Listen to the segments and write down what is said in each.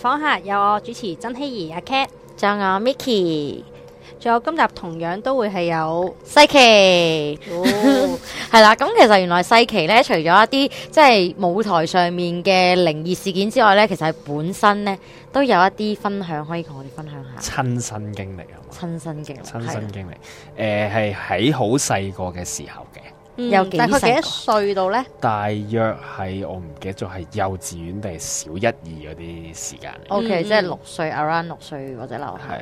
訪客有我主持曾希怡阿 Cat，仲有 Miki，仲有今集同樣都會係有西奇，係啦、哦。咁 其實原來西奇呢，除咗一啲即係舞台上面嘅靈異事件之外呢，其實係本身呢，都有一啲分享可以同我哋分享下親身經歷啊嘛，親身經歷，親身經歷，誒係喺好細個嘅時候嘅。又但係佢幾多歲到咧？大約係我唔記得咗，係幼稚園定係小一二嗰啲時間。OK，即係六歲 around 六歲或者樓下。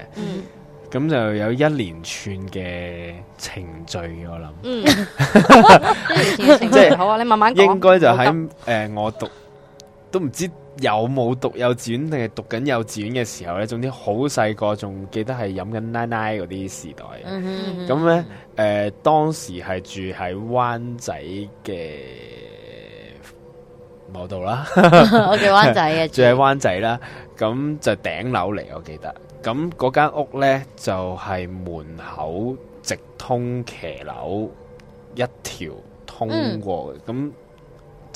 咁就有一連串嘅程序，我諗。一連串嘅程序好啊！你慢慢講。應該就喺誒，我讀都唔知。有冇讀幼稚園定係讀緊幼稚園嘅時候呢？總之好細個，仲記得係飲緊奶奶嗰啲時代。咁、嗯嗯、呢，誒、呃，當時係住喺灣仔嘅某度啦。 我灣 住灣仔嘅，住喺灣仔啦。咁就頂樓嚟，我記得。咁嗰間屋呢，就係、是、門口直通騎樓一條通過咁。嗯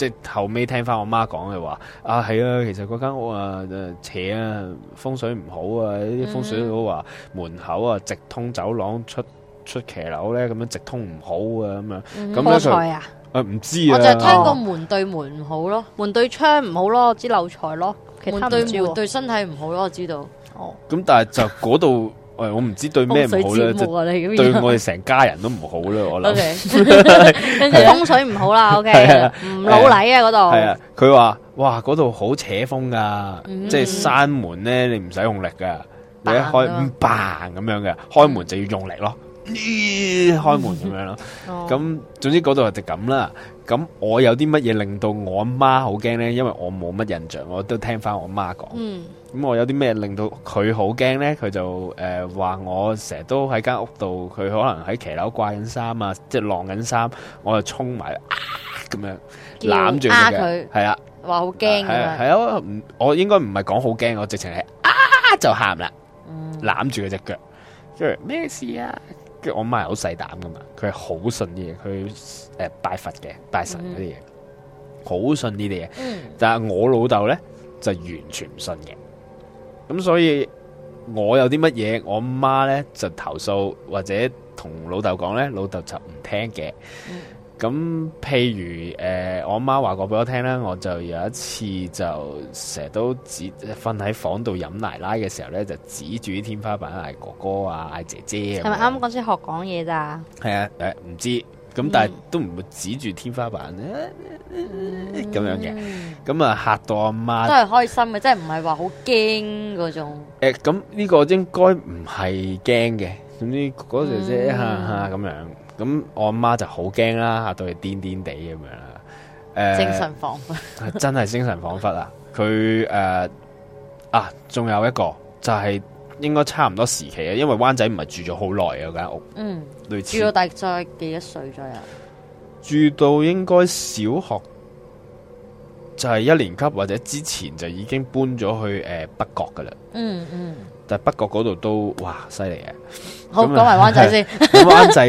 即係後尾聽翻我媽講嘅話，啊係啊，其實嗰間屋啊、呃呃、斜啊，風水唔好啊，啲風水佬話門口啊直通走廊出出騎樓咧，咁樣直通唔好啊，咁樣咁咧就唔、呃、知啊，我就係聽過門對門唔好咯，門對窗唔好咯，知漏財咯，其他對門對身體唔好咯，我知道,門對門對我知道哦。咁、嗯、但係就嗰度。 誒，我唔知對咩唔好咧，對，我哋成家人都唔好咧，我諗風水唔好啦，OK，唔老禮啊嗰度。係啊，佢話哇嗰度好扯風噶，即係閂門咧，你唔使用力噶，你一開五嘭咁樣嘅，開門就要用力咯，開門咁樣咯。咁總之嗰度就咁啦。咁我有啲乜嘢令到我阿媽好驚咧？因為我冇乜印象，我都聽翻我阿媽講。咁、嗯、我有啲咩令到佢好驚咧？佢就誒話、呃、我成日都喺間屋度，佢可能喺騎樓掛緊衫啊，即係晾緊衫，我就衝埋啊咁樣攬住佢，係啊，話好驚啊！係啊，啊，啊，我唔，我應該唔係講好驚，我直情係啊就喊啦，攬住佢隻腳，跟住咩事啊？跟住我媽係好細膽噶嘛，佢係好信啲嘢，佢誒拜佛嘅、拜神嗰啲嘢，好、嗯嗯、信、嗯、爸爸呢啲嘢。但係我老豆咧就完全唔信嘅。咁、嗯、所以我有啲乜嘢，我媽呢就投訴或者同老豆講呢，老豆就唔聽嘅。咁、嗯嗯、譬如誒、呃，我媽話過俾我聽啦，我就有一次就成日都指瞓喺房度飲奶奶嘅時候呢，就指住啲天花板嗌哥哥啊，嗌姐姐。係咪啱啱先學講嘢咋？係啊，誒、嗯，唔知。咁但係都唔會指住天花板咁、啊嗯、樣嘅，咁啊吓到阿媽都係開心嘅，即係唔係話好驚嗰種。誒、欸，咁呢個應該唔係驚嘅，總之嗰時即係吓吓咁樣，咁、嗯嗯嗯、我阿媽就好驚啦，吓到佢癲癲地咁樣啦。誒、呃，精神恍惚，真係精神恍惚啊！佢誒、呃、啊，仲有一個就係、是。應該差唔多時期啊，因為灣仔唔係住咗好耐啊，間屋嗯，類似住到大概幾多歲左右？住到應該小學就係、是、一年級或者之前就已經搬咗去誒、呃、北角噶啦、嗯，嗯嗯，但係北角嗰度都哇犀利嘅。好講埋灣仔先，灣 仔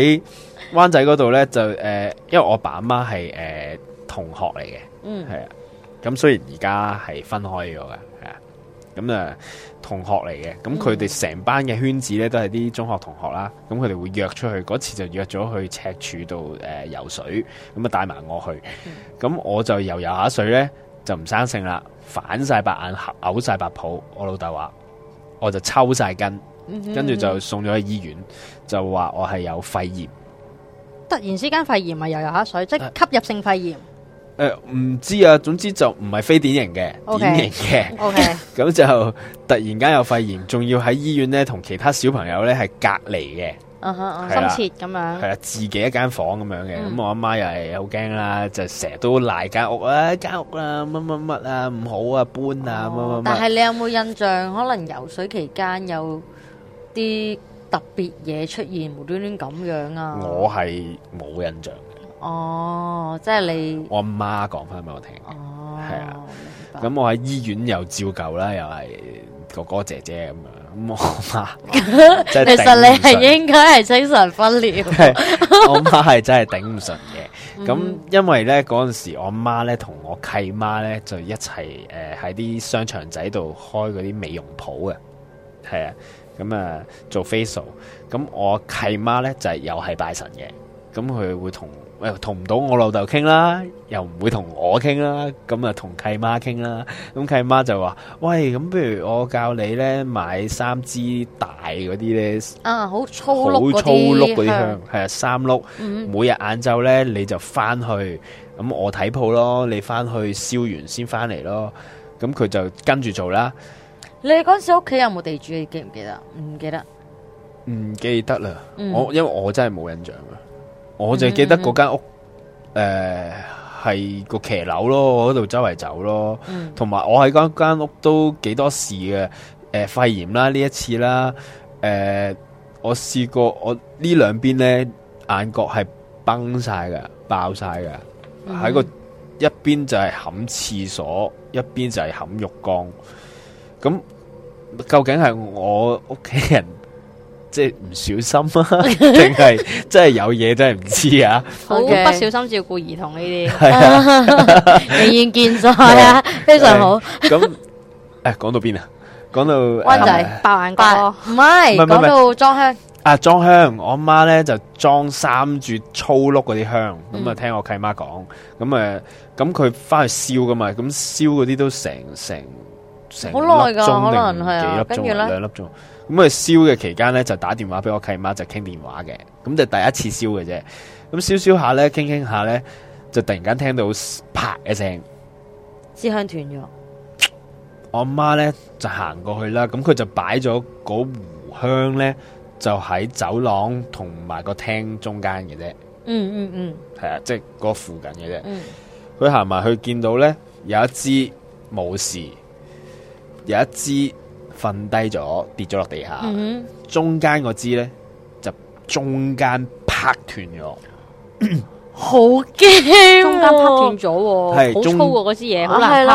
灣仔嗰度咧，就誒、呃，因為我爸阿媽係誒同學嚟嘅，嗯，係啊，咁雖然而家係分開咗嘅。咁啊，同學嚟嘅，咁佢哋成班嘅圈子呢都係啲中學同學啦。咁佢哋會約出去，嗰次就約咗去赤柱度誒、呃、游水，咁啊帶埋我去。咁我就游游下水呢，就唔生性啦，反晒白眼，嘔晒白泡。我老豆話，我就抽晒筋，跟住就送咗去醫院，就話我係有肺炎。突然之間肺炎咪、啊、游游下水，即吸入性肺炎。誒，唔知啊，總之就唔係非典型嘅，典型嘅，OK 咁就突然間有肺炎，仲要喺醫院咧，同其他小朋友咧係隔離嘅，深切咁樣，係啊，自己一間房咁樣嘅，咁我阿媽又係好驚啦，就成日都賴間屋啊，間屋啊，乜乜乜啊，唔好啊，搬啊，乜乜乜。但係你有冇印象？可能游水期間有啲特別嘢出現，無端端咁樣啊？我係冇印象。哦，oh, 即係你我阿媽講翻俾我聽，係啊，咁我喺醫院又照舊啦，又係哥哥姐姐咁樣。咁我阿媽，其 實你係應該係精神分裂，我阿媽係真係頂唔順嘅。咁因為咧嗰陣時我媽呢，我阿媽咧同我契媽咧就一齊誒喺啲商場仔度開嗰啲美容鋪嘅，係啊，咁啊、呃、做 facial。咁我契媽咧就係、是、又係拜神嘅，咁佢會同。誒，同唔到我老豆傾啦，又唔會同我傾啦，咁啊同契媽傾啦。咁契媽就話：喂，咁不如我教你咧，買三支大嗰啲咧。啊，好粗碌嗰啲香，係像啊，三碌。嗯。每日晏晝咧，你就翻去，咁我睇鋪咯，你翻去燒完先翻嚟咯。咁佢就跟住做啦。你嗰時屋企有冇地主？你記唔記得？唔記得。唔記得啦，嗯，我因為我真係冇印象啊。我就記得嗰間屋，誒、呃、係個騎樓咯，我喺度周圍走咯，同埋我喺嗰間屋都幾多事嘅。誒、呃、肺炎啦呢一次啦，誒、呃、我試過我呢兩邊咧眼角係崩晒嘅，爆晒嘅，喺個、嗯、一邊就係冚廁所，一邊就係冚浴缸，咁究竟係我屋企人？即係唔小心啊！定係真係有嘢，真係唔知啊！好不小心照顧兒童呢啲，係啊，仍然健在啊，非常好。咁誒，講到邊啊？講到灣仔白眼瓜，唔係，講到裝香啊，裝香。我阿媽咧就裝三柱粗碌嗰啲香，咁啊，聽我契媽講，咁誒，咁佢翻去燒噶嘛，咁燒嗰啲都成成成好耐噶，可能係啊，跟住咧兩粒鐘。咁佢燒嘅期間咧，就打電話俾我契媽就傾電話嘅，咁就第一次燒嘅啫。咁燒燒下咧，傾傾下咧，就突然間聽到啪一聲，支香斷咗。我媽咧就行過去啦，咁佢就擺咗嗰壺香咧，就喺走廊同埋個廳中間嘅啫。嗯嗯嗯，係啊，即係嗰附近嘅啫。嗯，佢行埋去見到咧，有一支冇事，有一支。瞓低咗，跌咗落地下，中間嗰支咧就中間拍斷咗，好驚，中間拍斷咗，係好粗嘅嗰支嘢，好難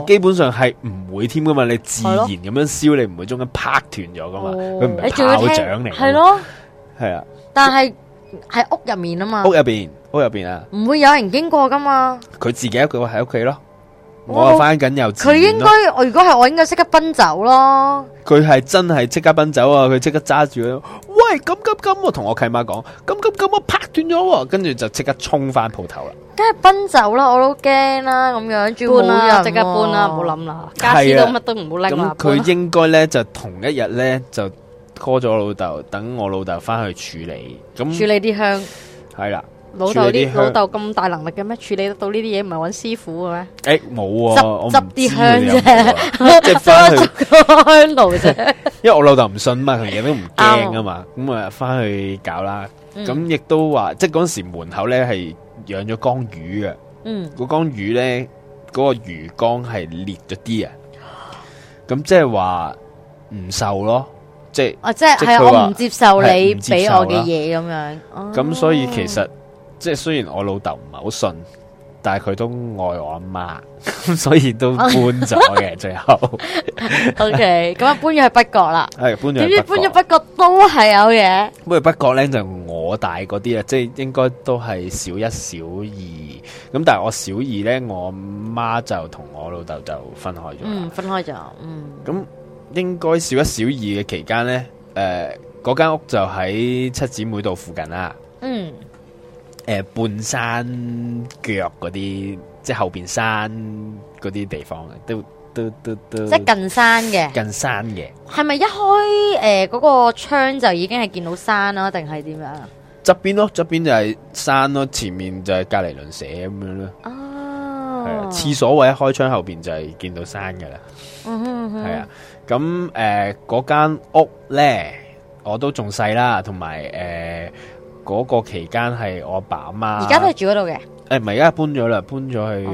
拍。基本上係唔會添噶嘛，你自然咁樣燒，你唔會中間拍斷咗噶嘛，佢唔係炮仗嚟。係咯，係啊，但係喺屋入面啊嘛，屋入邊，屋入邊啊，唔會有人經過噶嘛，佢自己一個喺屋企咯。我翻緊幼稚園佢應該如果係我應該即刻奔走咯，佢係真係即刻奔走啊！佢即刻揸住咯，喂！咁急咁，我同我契媽講，咁急咁我拍斷咗，跟住、啊啊、就即刻衝翻鋪頭啦！梗係奔走啦、啊，我都驚啦咁樣搬啦、啊，即刻搬啦，唔好諗啦，家私都乜都唔好拎啦。咁佢應該咧就同一日咧就 call 咗老豆，等我老豆翻去處理，咁處理啲香係啦。 老豆啲老豆咁大能力嘅咩？處理得到呢啲嘢，唔係揾師傅嘅咩？誒冇啊，執啲香啫，即係翻去香爐啫。因為我老豆唔信嘛，佢嘢都唔驚啊嘛，咁啊翻去搞啦。咁亦都話，即係嗰時門口咧係養咗缸魚嘅，嗯，嗰缸魚咧嗰個魚缸係裂咗啲啊，咁即係話唔受咯，即係，啊，即係係我唔接受你俾我嘅嘢咁樣，咁所以其實。即係雖然我老豆唔係好信，但係佢都愛我阿媽， 所以都搬咗嘅。 最後，O K，咁搬咗去北角啦，係、哎、搬咗。點知搬咗北角都係有嘢。搬去北角咧就是、我大嗰啲啊，即係應該都係小一、小二。咁但係我小二咧，我阿媽就同我老豆就分開咗。嗯，分開咗。嗯，咁應該小一、小二嘅期間咧，誒、呃，嗰間屋就喺七姊妹度附近啦。嗯。誒、呃，半山腳嗰啲，即係後邊山嗰啲地方，都都都都即係近山嘅，近山嘅。係咪一開誒嗰、呃那個窗就已經係見到山啦？定係點樣？側邊咯，側邊就係山咯，前面就係隔籬鄰舍咁樣咯。哦、啊，係廁、啊、所位一開窗後邊就係見到山噶啦。係、嗯嗯、啊，咁誒嗰間屋咧，我都仲細啦，同埋誒。呃嗰個期間係我阿爸阿媽，而家都係住嗰度嘅。誒，唔係，而家搬咗啦，搬咗去。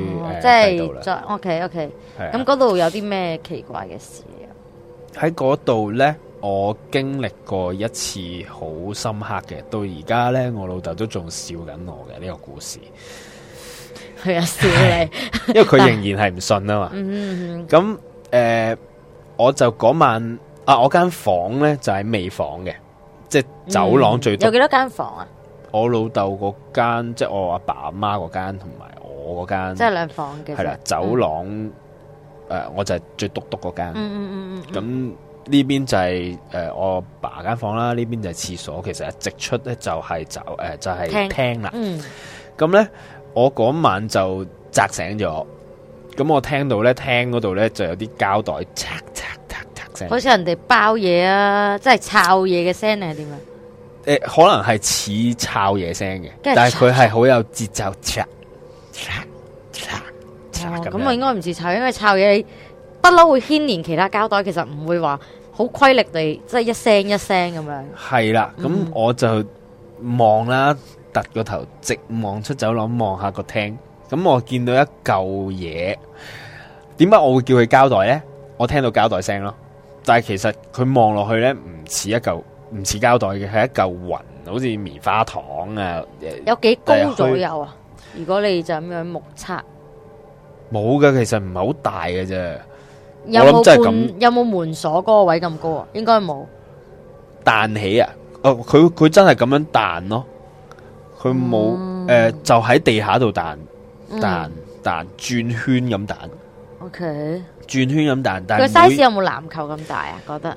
即係在屋企屋企。咁嗰度有啲咩奇怪嘅事啊？喺嗰度咧，我經歷過一次好深刻嘅，到而家咧，我老豆都仲笑緊我嘅呢、這個故事。係啊，笑你， 因為佢仍然係唔信啊嘛。咁誒、 呃，我就嗰晚啊，我間房咧就係、是、未房嘅。即走廊最得、嗯、有幾多間房啊？我老豆嗰間，即我阿爸阿媽嗰間，同埋我嗰間，即兩房嘅係啦。走廊誒、嗯呃，我就係最督督嗰間。嗯咁呢邊就係、是、誒、呃、我爸間房啦，呢邊就係廁所。其實直出咧就係走誒、呃、就係廳啦。咁咧、嗯，我嗰晚就扎醒咗，咁我聽到咧廳嗰度咧就有啲膠袋。好似人哋包嘢啊，即係抄嘢嘅聲定係點樣？誒、呃，可能係似抄嘢聲嘅，然但係佢係好有節奏。咁我應該唔似抄，因為抄嘢不嬲會牽連其他膠袋，其實唔會話好規律地，即、就、係、是、一聲一聲咁樣。係啦，咁我就望啦，嗯、突個頭直望出走廊，望下個廳，咁我見到一嚿嘢。點解我會叫佢膠袋咧？我聽到膠袋聲咯。但係其實佢望落去咧，唔似一嚿唔似膠袋嘅，係一嚿雲，好似棉花糖啊！有幾高左右啊？如果你就咁樣目測，冇嘅，其實唔係好大嘅啫。有冇門有冇門鎖嗰個位咁高啊？應該冇彈起啊！哦，佢佢真係咁樣彈咯，佢冇誒，就喺地下度彈彈彈轉圈咁彈。OK。轉圈咁大，但個 size 有冇籃球咁大啊？覺得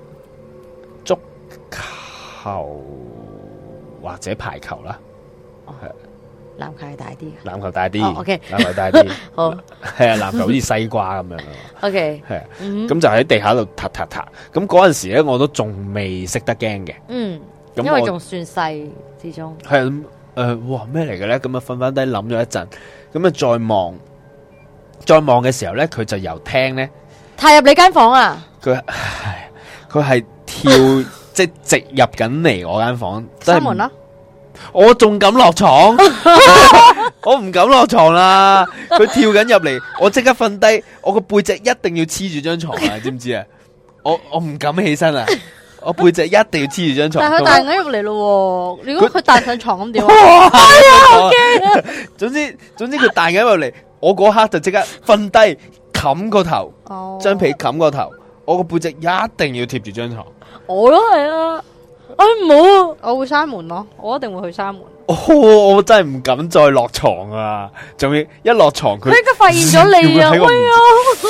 足球或者排球啦，籃球係大啲，籃球大啲，OK，籃球大啲，好係啊，籃球好似西瓜咁樣 ，OK，係啊，咁就喺地下度踏踏踏，咁嗰陣時咧，我都仲未識得驚嘅，嗯，我因為仲算細，始終。係啊，誒、呃，哇咩嚟嘅咧？咁啊，瞓翻低諗咗一陣，咁啊，再望。再望嘅時候咧，佢就由廳咧，踏入你間房啊！佢佢係跳 即係直入緊嚟我間房，開門啦、啊！ 我仲敢落床？我唔敢落床啦！佢跳緊入嚟，我即刻瞓低，我個背脊一定要黐住張床啊！ 知唔知啊？我我唔敢起身啊！我背脊一定要黐住張床。 但佢彈緊入嚟咯，如果佢彈上床咁點、 哎、啊？好驚！ 總之總之佢彈緊入嚟。我嗰刻就即刻瞓低，冚個頭，將被冚個頭。我個背脊一定要貼住張床。我都係啊，我唔好！啊、我會閂門咯、啊。我一定會去閂門 哦。我真係唔敢再落床啊！仲要一落床佢。佢依家發現咗你啊！喺我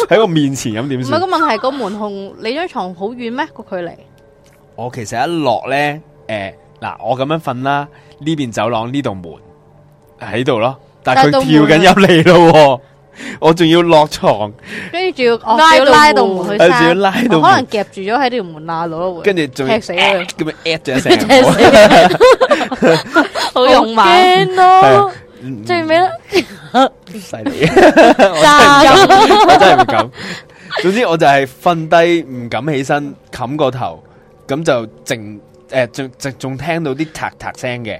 喺我面前咁點先？唔、啊、係 個、這個問題，那個門同你張床好遠咩？個距離。我其實一落咧，誒、呃，嗱，我咁樣瞓啦，呢邊走廊呢度門喺度、就是、咯。但佢跳緊入嚟咯，我仲要落床，跟住仲要拉拉到門，跟住拉到門，可能夾住咗喺條門罅度咯。跟住仲，死佢，咁好勇猛咯。最尾啦，犀利，我真係唔敢。總之我就係瞓低，唔敢起身，冚個頭，咁就靜，誒，仲仲仲聽到啲嗒嗒聲嘅。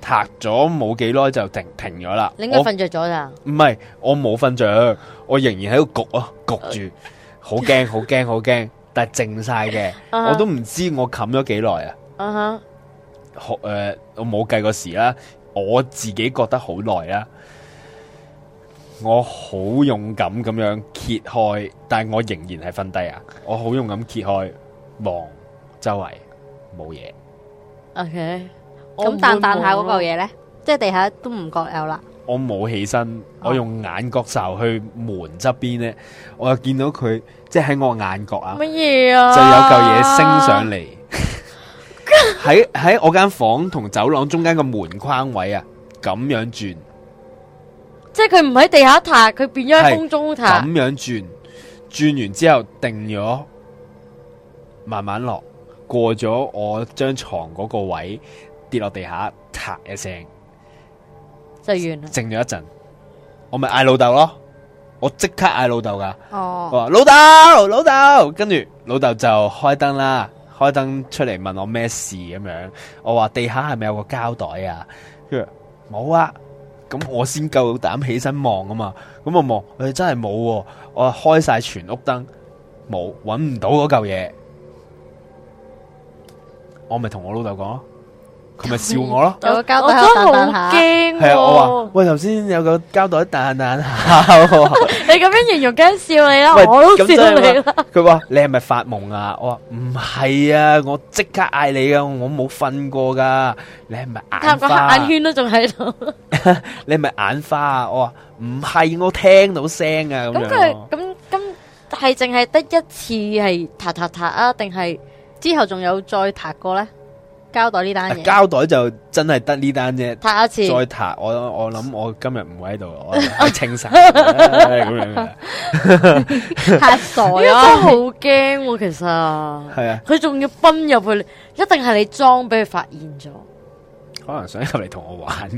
塌咗冇幾耐就停停咗啦。你應該瞓着咗啦？唔係，我冇瞓着，我仍然喺度焗啊，焗住、uh。好、huh. 驚，好驚，好驚！但係靜晒嘅，我都唔知我冚咗幾耐啊。啊哈。誒，我冇計個時啦，我自己覺得好耐啦。我好勇敢咁樣揭開，但係我仍然係瞓低啊。我好勇敢揭開，望周圍冇嘢。O K。Okay. 咁彈彈下嗰嚿嘢呢，即係地下都唔覺有啦。我冇起身，oh. 我用眼角睄去門側邊呢，我又見到佢即係喺我眼角啊。乜嘢啊？就有嚿嘢升上嚟，喺喺 我間房同走廊中間個門框位啊，咁樣轉。即係佢唔喺地下彈，佢變咗喺空中彈。咁樣轉，轉完之後定咗，慢慢落過咗我張床嗰個位。跌落地下，嚓一聲就完靜咗一陣，我咪嗌老豆咯。我即刻嗌老豆噶。哦、oh.。我話老豆，老豆，跟住老豆就開燈啦，開燈出嚟問我咩事咁樣。我話地下係咪有個膠袋啊？佢話冇啊。咁我先夠膽起身望啊嘛。咁我望，佢、欸、哋真係冇、啊。我開晒全屋燈，冇，搵唔到嗰嚿嘢。我咪同我老豆講咯。佢咪笑我咯。有個膠袋彈彈下，我都好驚啊。係啊，我話喂，頭先有個膠袋彈彈下。你咁樣形容，梗係笑你啦，我都笑你啦。佢話你係咪發夢啊？我話唔係啊，我即刻嗌你噶，我冇瞓過噶。你係咪眼？個黑眼圈都仲喺度。 你係咪眼花啊？我話唔係，我聽到聲啊。咁佢咁咁係淨係得一次係踏踏踏啊？定係之後仲有再踏過咧？.膠袋呢單嘢，膠袋就真係得呢單啫，拍一次再拍。我我諗我今日唔會喺度，我清晒咁樣太傻啦，好驚其實係啊。佢仲要奔入去，一定係你裝俾佢發現咗。可能想入嚟同我玩，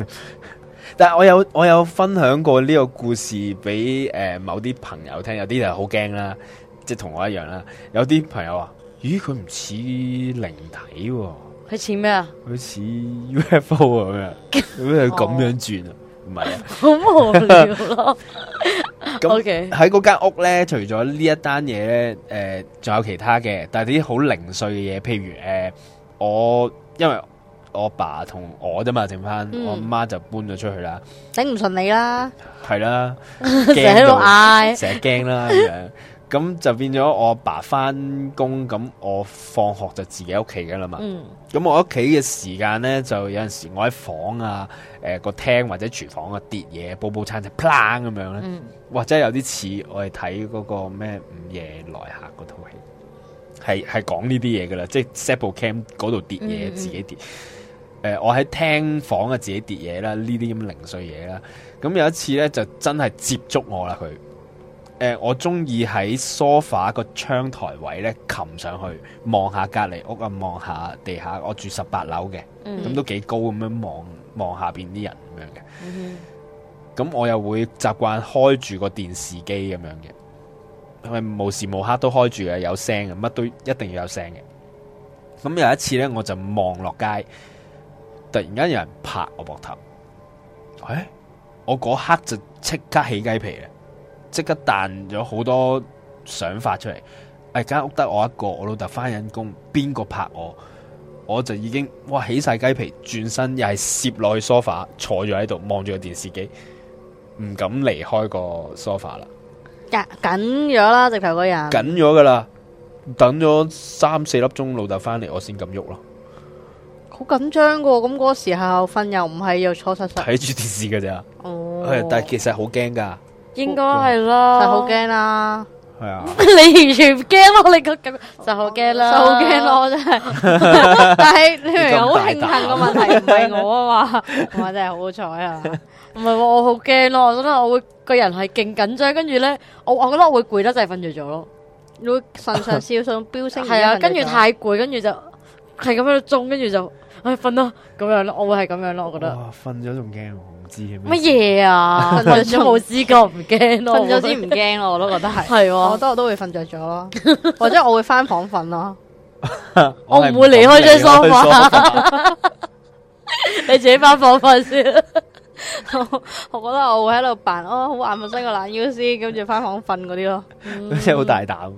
但係我有我有分享過呢個故事俾誒、呃、某啲朋友聽，有啲人好驚啦，即係同我一樣啦。有啲朋友話：咦，佢唔似靈體啊。佢似咩啊？佢似 UFO 咁啊！咁樣咁樣轉啊，唔係啊，好無聊咯。O K，喺嗰間屋咧，除咗呢一單嘢咧，誒、呃，仲有其他嘅，但係啲好零碎嘅嘢，譬如，誒、呃，我因為我爸同我啫嘛，剩翻我阿媽就搬咗出去啦。頂唔順你啦，係啦，成日喺度嗌，成日驚啦，咁咁 就變咗我阿爸翻工，咁我放學就自己屋企噶啦嘛。嗯咁我屋企嘅時間咧，就有陣時我喺房啊、誒、呃、個廳或者廚房啊跌嘢，煲煲餐就砰咁樣咧。或者、嗯、有啲似我哋睇嗰個咩午夜來客嗰套戲，係係講呢啲嘢噶啦，即係 set up cam 嗰度跌嘢、嗯、自己跌。誒、呃，我喺廳房啊自己跌嘢啦，呢啲咁零碎嘢啦。咁有一次咧就真係接觸我啦佢。誒、呃，我中意喺梳化個窗台位咧，擒上去望下隔籬屋啊，望下地下。我住十八樓嘅，咁、mm hmm. 都幾高咁樣望望下邊啲人咁樣嘅。咁、mm hmm. 我又會習慣開住個電視機咁樣嘅，係無時無刻都開住嘅，有聲嘅，乜都一定要有聲嘅。咁有一次咧，我就望落街，突然間有人拍我膊頭，誒、欸，我嗰刻就即刻起雞皮啊！即刻彈咗好多想法出嚟，誒間屋得我一個，我老豆翻緊工，邊個拍我，我就已經哇起晒雞皮，轉身又係摺落去 sofa 坐咗喺度，望住個電視機，唔敢離開個 sofa 啦。緊咗啦，直頭嗰日緊咗噶啦，等咗三四粒鐘老豆翻嚟，我先咁喐咯。好緊張噶，咁嗰個時候瞓又唔係又坐實實，睇住電視噶咋？哦，oh. 但係其實好驚噶。應該係咯，就好驚啦。係啊，你完全唔驚咯，你覺得咁就好驚啦，就好驚咯，真係。但係你明，好慶幸個問題唔係我啊嘛，我話真係好彩啊。唔係我好驚咯，我覺得我會個人係勁緊張，跟住咧我我覺得我會攰得就係瞓着咗咯，會腎上腺素飆升。係啊，跟住太攰，跟住就係咁樣中，跟住就。哎，瞓咯，咁樣咯，我會係咁樣咯，我覺得。瞓咗仲驚，我唔知。乜嘢啊？瞓咗冇知覺，唔驚咯。瞓咗先唔驚咯，我都覺得係。係，我覺得我都會瞓着咗咯，或者我會翻房瞓咯。我唔會離開張梳化。你自己翻房瞓先。我我覺得我會喺度扮哦，好眼瞓，伸個懶腰先，跟住翻房瞓嗰啲咯。嗯，好大膽。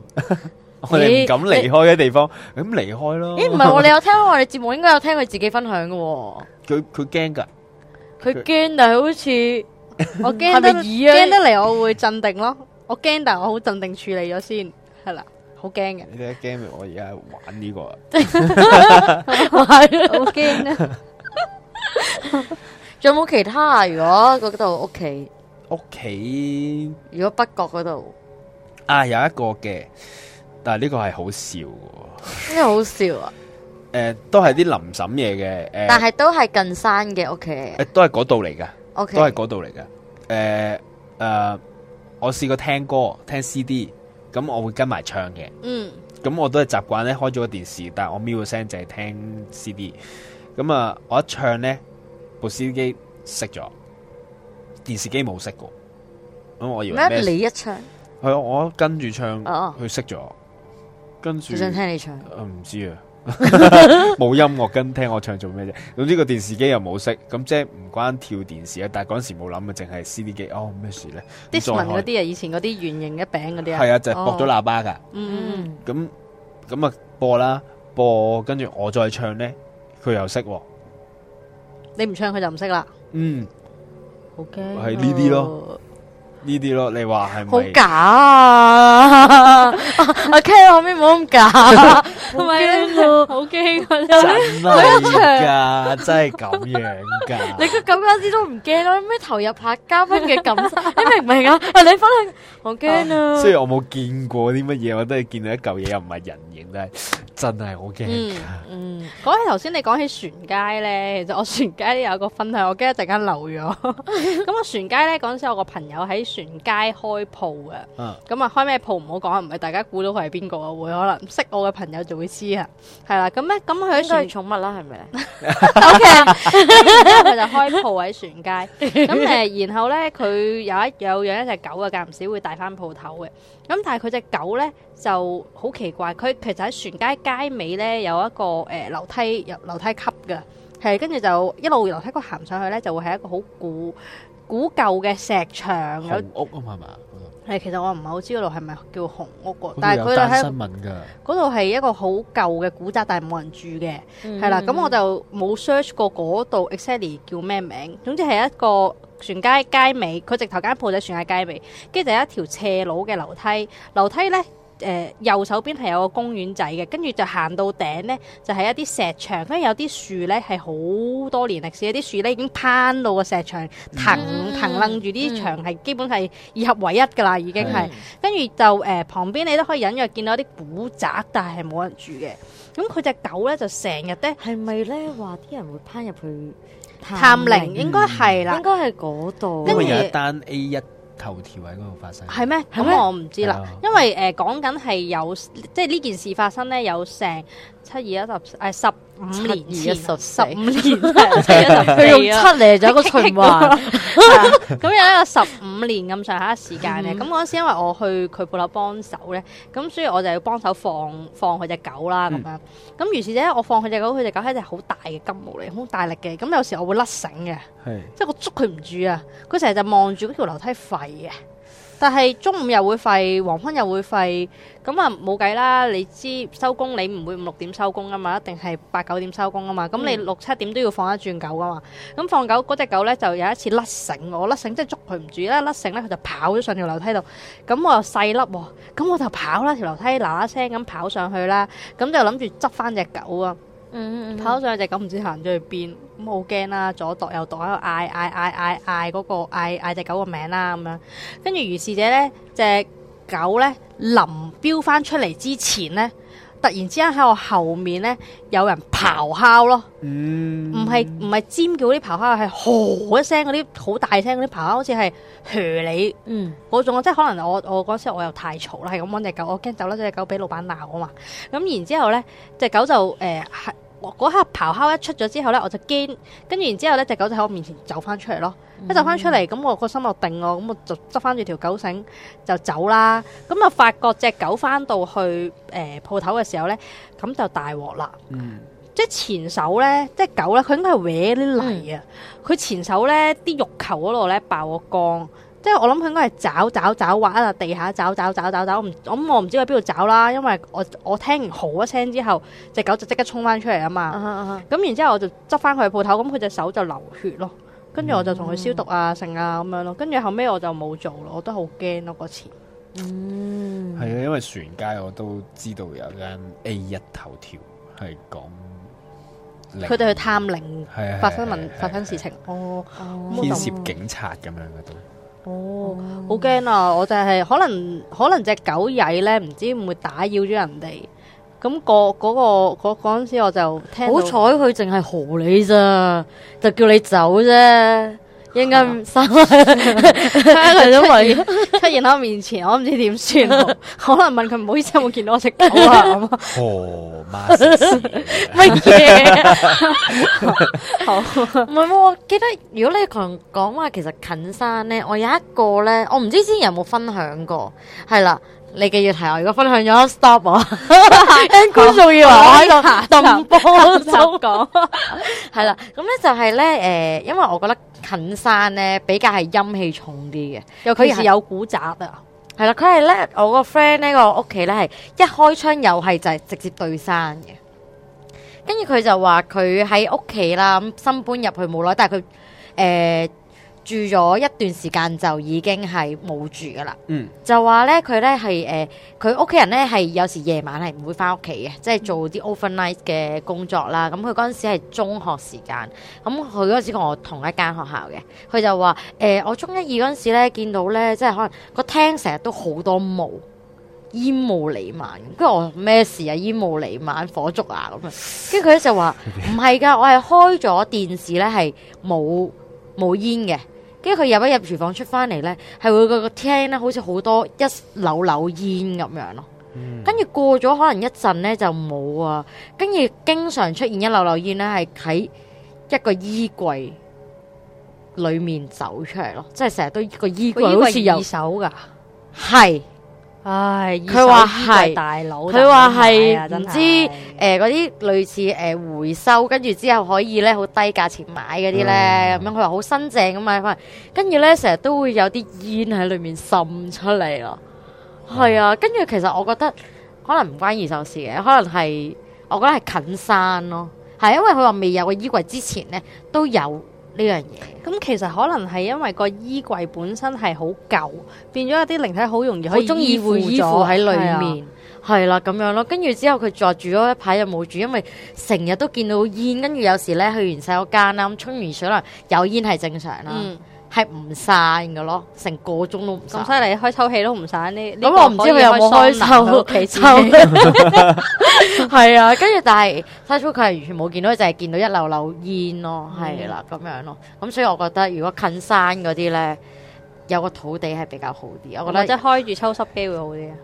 我哋唔敢離開嘅地方，咁離開咯。咦，唔係我哋有聽我哋節目，應該有聽佢自己分享嘅。佢佢驚噶，佢驚，但係好似我驚得驚得嚟，我會鎮定咯。我驚，但係我好鎮定處理咗先，係啦，好驚嘅。你一驚，我而家玩呢個，好驚。仲有冇其他？如果嗰度屋企，屋企如果北角嗰度啊，有一個嘅。但係呢個係好笑呢，咩好笑啊？誒、呃，都係啲臨沈嘢嘅，誒、呃，但係都係近山嘅屋企，誒、okay 呃，都係嗰度嚟嘅，O K，都係嗰度嚟嘅。誒、呃，誒、呃，我試過聽歌，聽 C D，咁、嗯、我會跟埋唱嘅，嗯，咁、嗯、我都係習慣咧開咗個電視，但係我瞄個聲就係聽 C D，咁、嗯、啊，我一唱咧，部 CD 機熄咗，電視機冇熄過，咁、嗯、我以為咩？你一唱，係、嗯、我跟住唱，佢熄咗。啊跟住我想聽你唱。唔知啊，冇音樂跟聽我唱做咩啫？總之個電視機又冇識，咁即係唔關跳電視啊！但係嗰時冇諗啊，淨係 C D 機。哦，咩事咧？Discman 嗰啲啊，以前嗰啲圓形嘅餅嗰啲啊。係啊，就係駁咗喇叭噶。嗯。咁咁啊，播啦播，跟住我再唱咧，佢又識。你唔唱佢就唔識啦。嗯。好驚。係呢啲咯。呢啲咯，你話係咪？好假啊！我企喺後邊，唔好咁假。好驚咯，好驚啊！真啊，真噶，真係咁樣噶。你咁樣啲都唔驚咯，咩投入下嘉賓嘅感受，你明唔明啊？我哋分享，我驚啊！雖然我冇見過啲乜嘢，我都係見到一嚿嘢，又唔係人形，但係真係好驚。嗯，講起頭先，你講起船街咧，其實我船街都有個分享，我驚一陣間漏咗。咁我船街咧，嗰陣時我個朋友喺。船街開鋪嘅，咁啊開咩鋪唔好講，唔係大家估到佢係邊個啊？會可能識我嘅朋友就會知啊，係啦，咁咧咁佢喺船做寵物啦，係咪咧？O K 啊，咁啊佢就開鋪喺船街，咁誒然後咧佢有一有養一隻狗嘅，間唔時會帶翻鋪頭嘅，咁但係佢隻狗咧就好奇怪，佢其實喺船街街尾咧有一個誒樓梯入樓梯級嘅，係跟住就一路樓梯級行上去咧，就會係一個好古。古舊嘅石牆，有屋啊嘛，係嘛？係，其實我唔係好知嗰度係咪叫紅屋喎，但係佢就喺，嗰度係一個好舊嘅古宅，但係冇人住嘅，係啦。咁我就冇 search 過嗰度 exactly 叫咩名。總之係一個船街街尾，佢直頭間鋪仔算係街尾，跟住就有一條斜路嘅樓梯，樓梯咧。誒、呃、右手邊係有個公園仔嘅，跟住就行到頂咧，就係、是、一啲石牆，跟住有啲樹咧係好多年歷史，有啲樹咧已經攀到個石牆，藤藤楞住啲牆，係基本係二合為一噶啦，已經係。跟住的就誒、呃、旁邊你都可以隱約見到啲古宅，但係冇人住嘅。咁佢隻狗咧就成日咧，係咪咧話啲人會攀入去探靈？應該係啦，應該係嗰度。因為有一單 A 一。頭條喺嗰度發生係咩嗎？咁嗎、嗯、我唔知啦，嗎因為誒講緊係有，即係呢件事發生咧有成。七二一十，哎，十五年前，七二一十，十五年，佢用七嚟做一個循環。咁有一個十五年咁上下時間咧，咁嗰陣時因為我去佢鋪頭幫手咧，咁所以我就要幫手放放佢隻狗啦。咁樣咁，於是者我放佢隻狗，佢隻狗係隻好大嘅金毛嚟，好大力嘅。咁有時我會甩繩嘅，即係我捉佢唔住啊。佢成日就望住嗰條樓梯吠嘅。但係中午又會吠，黃昏又會吠，咁啊冇計啦！你知收工你唔會五六點收工噶嘛，一定係八九點收工噶嘛，咁、嗯、你六七點都要放一轉狗噶嘛。咁放狗嗰隻狗呢，就有一次甩繩我，甩繩即係捉佢唔住啦。甩繩呢，佢就跑咗上條樓梯度。咁我又細粒喎，咁、哦、我就跑啦，條樓梯嗱嗱聲咁跑上去啦，咁就諗住執翻隻狗啊。嗯嗯，跑咗上去，隻狗唔知行咗去邊，咁好驚啦，左度右度喺度嗌嗌嗌嗌嗌嗰個嗌嗌隻狗個名啦咁樣，跟住如是者咧，隻狗咧，臨飆翻出嚟之前咧，突然之間喺我後面咧，有人咆哮咯，唔係唔係尖叫啲咆哮，係吼一聲嗰啲好大聲嗰啲咆哮，好似係噓你嗰種、嗯，即係可能我我嗰時我又太嘈啦，係咁揾隻狗，我驚走甩隻狗俾老闆鬧啊嘛，咁、嗯、然之後咧隻狗就誒係。呃我嗰刻咆哮一出咗之後咧，我就驚，跟住然之後咧，隻狗就喺我面前走翻出嚟咯。嗯、一走翻出嚟，咁我個心就定咯，咁我就執翻住條狗繩就走啦。咁啊，發覺隻狗翻到去誒鋪頭嘅時候咧，咁就大鑊啦。嗯，即係前手咧，即係狗咧，佢應該係歪啲泥啊。佢是前手咧，啲肉球嗰度咧爆個光。即係我諗佢應該係找找，找挖啊地下找找找找找，我唔，咁我唔知去邊度找啦，因為我我聽完嚎一聲之後，隻狗就即刻衝翻出嚟啊嘛，咁、uh huh. 然之後我就執翻佢鋪頭，咁佢隻手就流血咯，跟住我就同佢消毒啊剩啊咁樣咯，跟住後尾我就冇做咯，我都好驚咯嗰次。嗯、uh，係、huh. 啊，因為船街我都知道有間 A1 頭條係講，佢哋去探靈，發生問 發生事情，是是是是哦，牽別想 涉警察咁樣嘅哦，好驚、oh. 啊！我就係、是、可能可能隻狗仔咧，唔知會唔會打擾咗人哋。咁、那個嗰、那個嗰嗰陣時，我就聽到好彩佢淨係喝你咋，就叫你走啫。應該生出出現喺我面前，我唔知點算， 可能問佢唔好意思有冇見到我隻狗啊？ 何物事？乜嘢？好，唔係，我記得如果你同講話其實近山咧，我有一個咧，我唔知之前有冇分享過，係啦。你嘅要提我，如果分享咗 stop 我，啱講仲要啊，凍波都講。係啦，咁咧 就係、是、咧，誒、呃，因為我覺得近山咧比較係陰氣重啲嘅，尤其是有古宅啊。係啦是，佢係咧我個 friend 呢個屋企咧係一開窗又係就係直接對山嘅，跟住佢就話佢喺屋企啦，咁新搬入去冇耐，但係佢誒。呃住咗一段時間就已經係冇住噶啦、嗯，就話咧佢咧係誒佢屋企人咧係有時夜晚係唔會翻屋企嘅，即係做啲 overnight 嘅工作啦。咁佢嗰陣時係中學時間，咁佢嗰陣時同我同一間學校嘅，佢就話誒、呃、我中一二嗰陣時咧見到咧即係可能個廳成日都好多霧，煙霧瀰漫，跟住我，咩事啊？煙霧瀰漫火燭啊咁樣。跟住佢咧就話唔係㗎，我係開咗電視咧係冇冇煙嘅。跟住佢入一入廚房出翻嚟咧，係會個個廳咧好似好多一縷縷煙咁樣咯。跟住過咗可能一陣咧就冇啊。跟住經常出現一縷縷煙咧，係喺一個衣櫃裏面走出嚟咯。即係成日都個衣櫃好似有二手噶，係。唉，佢話係大佬，佢話係唔知誒嗰啲類似誒、呃呃、回收，跟住之後可以咧好低價錢買嗰啲咧咁樣。佢話好新淨咁啊，翻跟住咧成日都會有啲煙喺裏面滲出嚟咯。係、嗯、啊，跟住其實我覺得可能唔關二手事嘅，可能係我覺得係近山咯。係因為佢話未有個衣櫃之前咧都有。呢樣嘢，咁其實可能係因為個衣櫃本身係好舊，變咗一啲靈體好容易好鍾意依附依附喺裏面，係啦咁樣咯。跟住之後佢住住咗一排又冇住，因為成日都見到煙，跟住有時咧去完洗手間啦，咁沖完水啦，有煙係正常啦、啊。嗯係唔散嘅咯，成個鐘都唔散，咁犀利，開抽氣都唔散呢？咁、嗯、我唔知佢有冇開抽氣抽。係啊，跟住但係開抽佢係完全冇見到，就係見到一溜溜煙咯，係啦咁樣咯。咁所以我覺得如果近山嗰啲咧，有個土地係比較好啲。我覺得，即係開住抽濕機會好啲啊，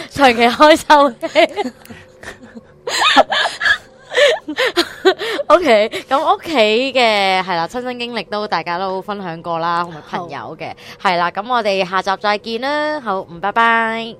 長期開抽氣。OK，咁屋企嘅係啦，親身經歷都大家都分享過啦，同埋朋友嘅係啦，咁我哋下集再見啦，好，唔，拜拜。